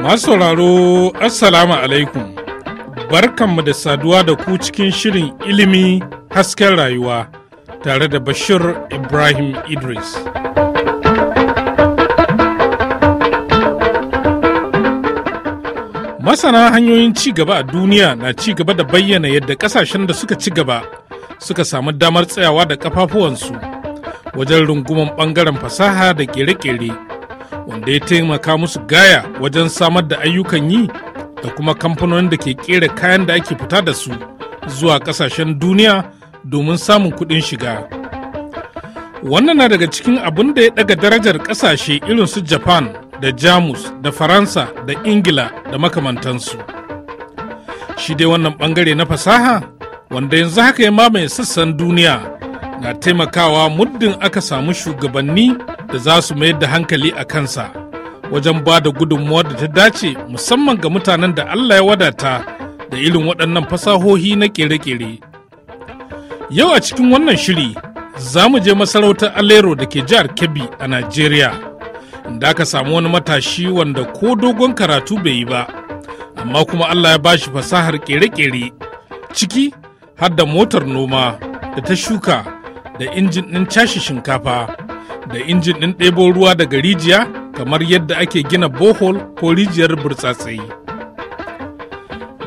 Masu sauraro Assalamu alaikum barkanmu da saduwa da ku cikin shirin ilimi hasken rayuwa tare da Bashir Ibrahim Idris. Masana hanyoyin ci gaba a duniya na ci gaba da bayyana yadda kasashen da suka ci gaba suka samu damar tsayawa da kafafuwansu wajen runguman bangaren fasaha da kere-kere wanda ya taimaka musu gaya wajen samar da ayyukan yi da kuma kamfanonin da ke kera kayan da ake fita da su zuwa kasashen duniya domin samun kuɗin shiga wannan na daga cikin abin da ya daga darajar kasashe irin su japan da jamus da faransa da ingila da makamantansu shi dai wannan bangare na fasaha wanda yanzu haka ya mamaye sassan duniya na taimakawa muddin aka samu shugabanni da za su mayar da hankali a kansa wajen ba da gudunmuwar da ta dace musamman ga mutanen da Allah ya wadata da irin waɗannan fasahohi na ƙere-ƙere. Yau a cikin wannan shiri za mu je masarautar Alero da ke jihar Kebbi a Najeriya, inda aka samu wani matashi wanda ko dogon karatu bai yi ba, amma kuma Allah ya ba shi fasahar ƙere-ƙere ciki har da motar noma da ta shuka da injin ɗin cashe shinkafa da injin ɗin ɗebo ruwa daga rijiya kamar yadda ake gina bohol ko rijiyar burtsatsai.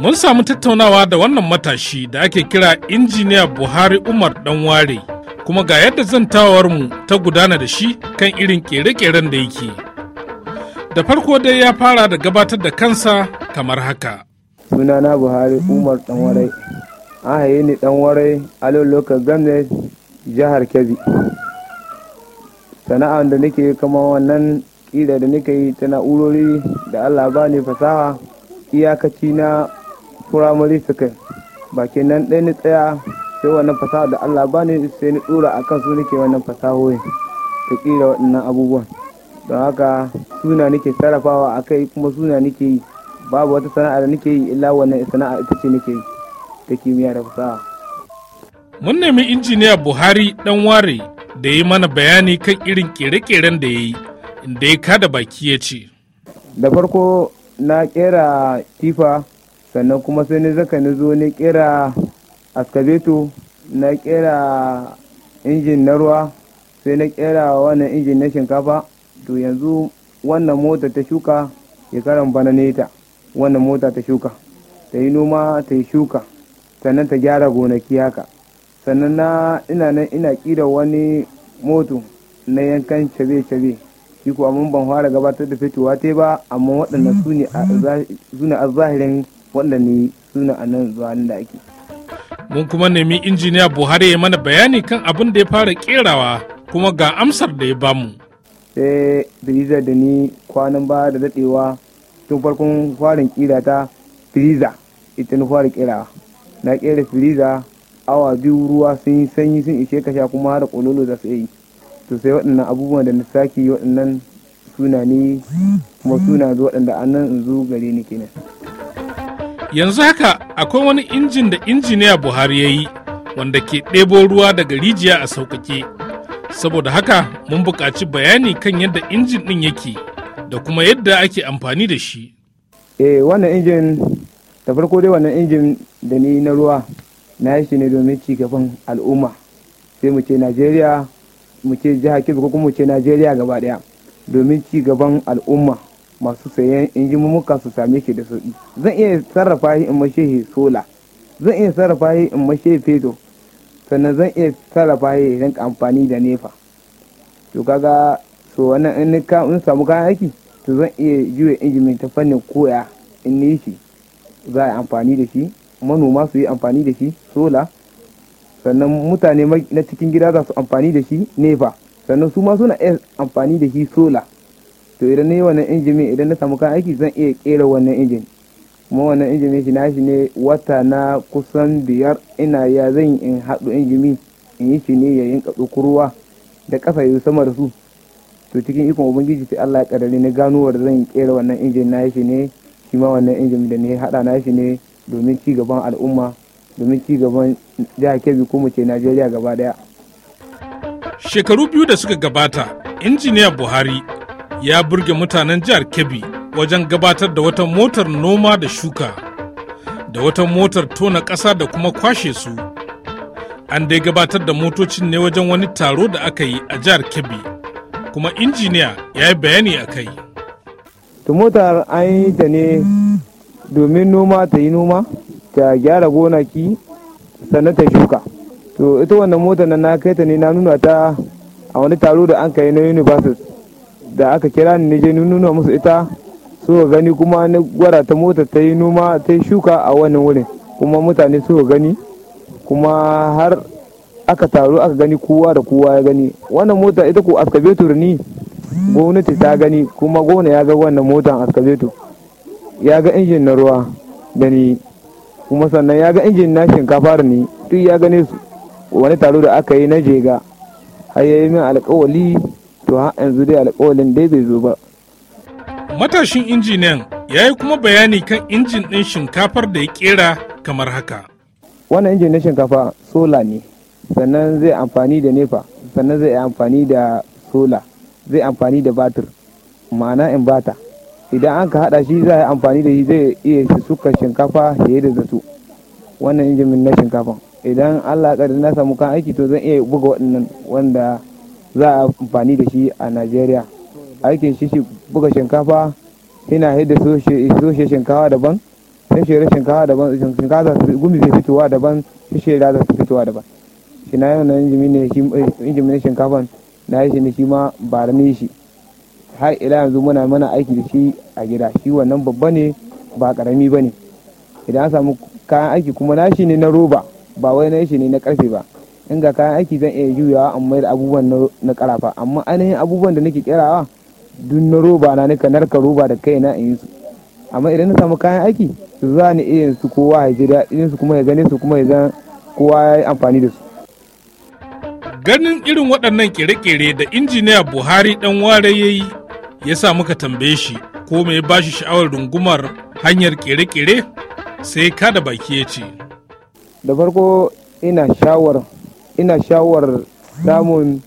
Mun samu tattaunawa da wannan matashi da ake kira injiniya Buhari Umar Danware kuma ga yadda zan zantawarmu ta gudana da shi kan irin ƙere-ƙeren da yake. Da farko dai ya fara da gabatar da kansa kamar haka. Sunana Buhari Umar Danware a haye ni dan warai a lokacin jihar kebbi sana'a da nake kama wannan ƙida da nake yi ta na'urori da allah ba ne fasaha iyakaci na firamare suka baki nan ɗaya ni tsaya sai wannan fasaha da allah ba ne sai ni ɗora a kan su nake wannan fasahohi ta ƙira waɗannan abubuwan don haka suna nake sarrafawa a kai kuma suna nake yi babu wata sana'a da nake yi illa wannan sana'a ita ce nake yi ta kimiyya da fasaha. Mun nemi injiniya Buhari dan ware da ya mana bayani kan irin kere-keren da ya yi inda ya kada baki ya ce. Da farko na kera tifa sannan kuma sai ni zaka ni zo ni kera askabeto na kera injin na ruwa sai na kera wannan injin na shinkafa to yanzu wannan mota ta shuka ya karan bana ta wannan mota ta shuka ta yi noma ta yi shuka sannan ta gyara gonaki haka sannan na ina nan ina kira wani moto na yankan cabe-cabe shi ko amma ban fara gabatar da fitowa te ba amma waɗanda mm. su ne a zahirin waɗanda ne suna a nan zuwa da ake mun kuma nemi injiniya buhari ya mana bayani kan abin da ya fara kerawa kuma ga amsar da ya bamu sai eh, firiza da ni kwanan ba da daɗewa tun farkon farin kira ta firiza ita na fara kerawa na kera firiza awa biyu ruwa sun yi sanyi sun ishe ka sha kuma har kololo za su yi to sai waɗannan abubuwan da na saki waɗannan suna ne kuma suna zuwa waɗanda a nan zu gare ni kenan. yanzu haka akwai wani injin da injiniya buhari ya yi wanda ke ɗebo ruwa daga rijiya a sauƙaƙe saboda haka mun buƙaci bayani kan yadda injin ɗin yake da kuma yadda ake amfani da shi. eh wannan injin ta farko dai wannan injin da ni na ruwa na yi shi ne domin ci gaban al'umma sai mu ce najeriya mu ce jiha kizu ko kuma mu ce najeriya gaba daya domin ci gaban al'umma masu sayan mummuka su same shi da sauki zan iya sarrafa shi in mashe sola zan iya sarrafa shi in mashe fetur sannan zan iya sarrafa shi idan amfani da nefa to kaga so wannan in ka in samu kayan aiki to zan iya juya mai ta fannin koya in ni shi za a yi amfani da shi manoma su yi amfani da shi sola sannan mutane na cikin gida za su amfani da shi nefa sannan su ma suna iya amfani da shi sola to idan na yi wannan mai idan na samu kan aiki zan iya kera wannan injin kuma wannan mai shi na shi ne wata na kusan biyar ina ya zan in haɗu injimi in yi shi ne ya yinka ruwa da ƙasa yi sama da su to cikin ikon ubangiji sai allah ya ƙarari na ganuwar zan kera wannan injin na shi ne shi ma wannan injin da ne haɗa na shi ne domin ci gaban al'umma domin ci gaban jihar kebbi ko mu ce najeriya gaba daya shekaru biyu da suka gabata injiniya buhari ya burge mutanen jihar kebbi wajen gabatar da wata motar noma da shuka da wata motar tona ƙasa da kuma kwashe su an dai gabatar da motocin ne wajen wani taro da aka yi a jihar kebbi kuma injiniya ya yi bayani a kai to motar an yi ta ne domin noma ta yi noma ta gyara gonaki sannan ta shuka to ita wannan motar na kai ta ne na nuna ta a wani taro da an kai na university da aka kira ni je nuna musu ita so gani kuma na gwara ta mota ta yi noma ta shuka a wannan wurin kuma mutane suka gani kuma har aka taro aka gani kowa da kowa ya gani wannan mota ita ko askabetur ni gwamnati ta gani kuma gona ya ga wannan motan askabeto ya ga injin na ruwa da ni kuma sannan ya ga injin na shinkafa da ni duk ya gane su wani taro da aka yi na jega har ya yi min alkawali to har yanzu dai alkawalin dai bai zo ba matashin injiniyan ya yi kuma bayani kan injin ɗin shinkafar da ya kera kamar haka wannan injin na shinkafa sola ne sannan zai amfani da nefa sannan zai amfani da sola zai amfani da batir ma'ana in bata idan an ka hada shi za a amfani da shi zai iya suka shinkafa fiye da zato wannan injimin na shinkafa idan allah kadar na samu kan aiki to zan iya buga waɗannan wanda za a amfani da shi a najeriya aikin shi shi buga shinkafa yana hidda soshe shinkafa daban sun shere shinkafa daban shinkafa za su gumi zai fitowa daban shi shere za su fitowa daban shi na yau na injimin shinkafa na yi shi ma ba ne shi har ila yanzu muna mana aiki da shi a gida shi wannan babba ne ba karami ba ne idan an samu kayan aiki kuma na shi ne na roba ba wai na shi ne na karfe ba in ga kayan aiki zan iya juyawa amma da abubuwan na karafa amma ainihin abubuwan da nake kerawa duk na roba na nika narka roba da na in yi su amma idan na samu kayan aiki za ni iya su kowa ya ji daɗin su kuma ya gane su kuma ya zan kowa ya yi amfani da su Ganin irin waɗannan ƙere-ƙere da injiniya Buhari ɗan ware ya yi ya sa muka tambaye shi ko me ba shi sha'awar rungumar hanyar ƙere-ƙere sai ka da baki ya ce. Da farko ina shawar samun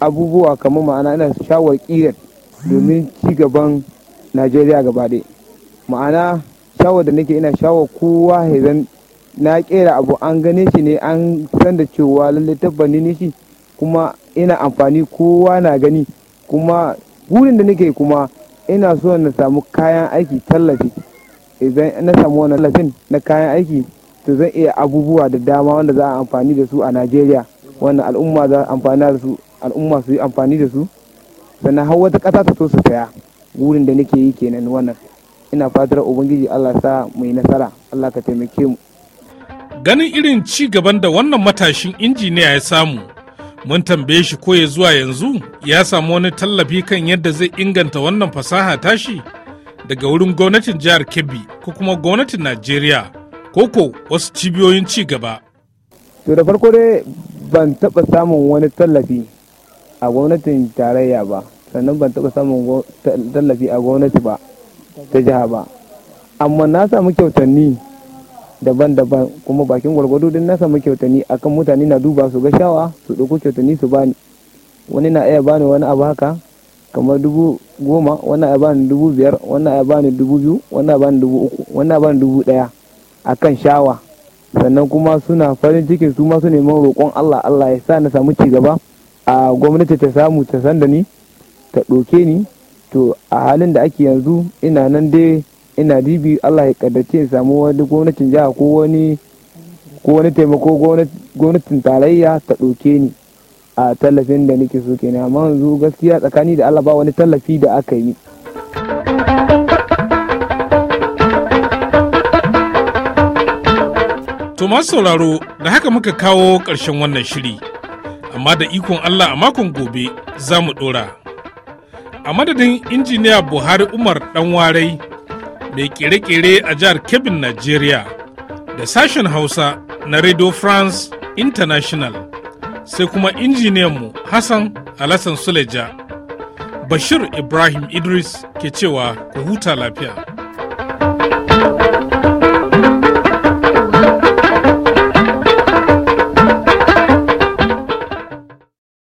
abubuwa kamar ma'ana ina shawar ƙirar domin ci gaban Najeriya gaba Ma'ana shawar da nake ina shawar kowa hezan na kera abu an gane shi ne an san da cewa lallai tabbani ne shi kuma ina amfani kowa na gani kuma burin da nake kuma ina so na samu kayan aiki tallafi idan na samu wani tallafin na kayan aiki to zan iya abubuwa da dama wanda za a amfani da su a najeriya wannan al'umma za a amfani da su al'umma su yi amfani da su sannan har wata ƙasa ta so su saya burin da nake yi kenan wannan ina fatar ubangiji allah sa mai nasara allah ka taimake mu ganin irin ci gaban da wannan matashin injiniya ya samu mun tambaye shi ko ya zuwa yanzu ya samu wani tallafi kan yadda zai inganta wannan fasaha tashi daga wurin gwamnatin jihar kebbi ko kuma gwamnatin najeriya koko wasu cibiyoyin ci gaba to da farko dai ban taɓa samun wani tallafi a gwamnatin tarayya ba sannan ban taɓa samun tallafi a gwamnati ba ta jiha ba amma na samu kyautanni daban-daban kuma bakin gwargwado din na samu kyautani akan mutane na duba su ga shawa su ɗauko kyautani su bani wani na iya bani wani abu haka kamar dubu goma wani ya bani dubu biyar wani ya bani dubu biyu wani ya bani dubu uku wani ya bani dubu ɗaya akan shawa sannan kuma suna farin cikin su masu neman roƙon Allah Allah ya sa na samu ci gaba a gwamnati ta samu ta san da ni ta ɗauke ni to a halin da ake yanzu ina nan dai ina dibi Allah ya kaddace ya samu wani gwamnatin jiha ko wani ko wani taimako gwamnatin tarayya ta ɗauke ni a tallafin da nake so kenan amma yanzu gaskiya tsakani da Allah ba wani tallafi da aka yi To masu sauraro da haka muka kawo ƙarshen wannan shiri, amma da ikon Allah a makon gobe za mu ɗora. A madadin injiniya Buhari Umar ɗan warai mai kere-kere a jihar Kebbin, Najeriya, da sashen Hausa na Radio France International, sai kuma mu Hassan Alassan Suleja. Bashir Ibrahim Idris ke cewa ku huta lafiya.